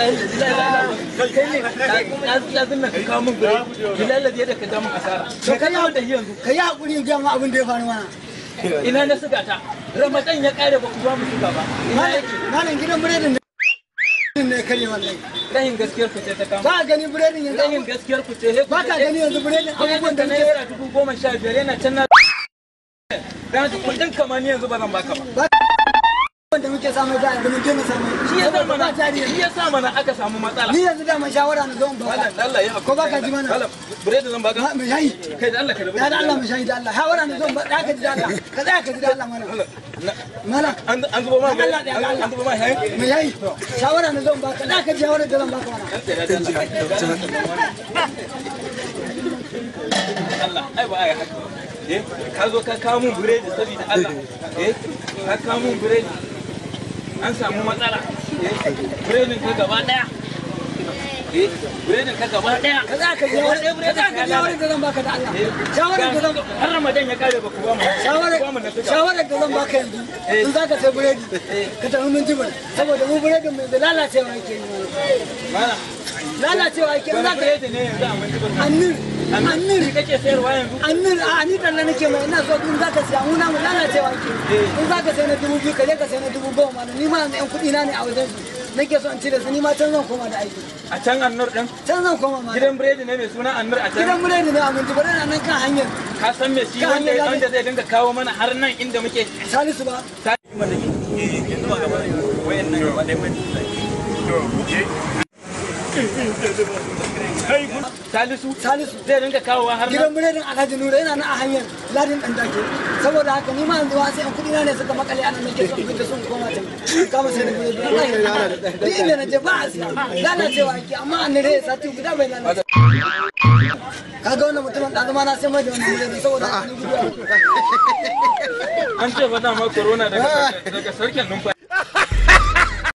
ka yi haƙuri gyan abin da ya faru mana ina na suga ta ramadan ya kare ba ku ba mu suga ba ina yake malam gidan biredin ne kare wallahi rahin gaskiyar ku ce ta kama ba gani biredin yanzu rahin gaskiyar ku ce ba ka gani yanzu biredin abubuwan da nake yara dubu goma sha biyar yana can na ranar kudin kamar yanzu ba zan baka ba muke samu da mu samu shi ya sa mana shi ya sa mana aka samu matsala ni yanzu da shawara na zon baka Allah ya ko baka ji mana bread zan baka yayi kai da Allah ka da Allah mu shayi da Allah shawara na zon baka ka ji da Allah ka tsaya ka ji da Allah mana mana an an zuba ma an zuba ma yayi shawara na baka da ka ji shawara da zan baka mana Allah ai ba ai eh, ka zo ka kawo mun Allah eh ka kawo mun an samu matsala biredin ka gaba daya eh, biredin ka gaba daya ka za ka je wani biredin eh, ka shawarar da zan baka da Allah eh, shawarar da zan har ramadan ya kare baka ba mu shawarar da zan baka yanzu in za ka sai biredi ka tafi min jibir saboda mu biredin mai lalacewa yake lalacewa yake za ka yi ne yanzu a mun Amir kake sayarwa yanzu? Amir a ni talla nake mai ina so in zaka siya mu namu lalacewa ke. In zaka sai na dubu biyu ka je ka sai na dubu goma ni ma yanzu yan kuɗi na ne a wajen su. nake so in ci da su ni ma can zan koma da aiki a can annur din can zan koma ma gidan biredi ne mai suna annur a can gidan biredi ne a mun tubaran a nan kan hanyar ka san me shi wanda wanda zai dinga kawo mana har nan inda muke salisu ba ta yi eh, yanzu ba ga wayannan gaba da mai Salisu Salisu zai rinka kawowa har na. gidan biredin Alhaji Nura yana nan a hanyar ladin dan dake saboda haka ni ma yanzu wa sai an kudi na ne suka makale anan nake son fita son koma can kama sai da biredin Allah duk inda na je ba a siya lalacewa ake amma an ne sati guda bai lalace kaga wannan mutumin da zama na sai mai da wannan biredin saboda an ce ba dama corona daga sarkin numfashi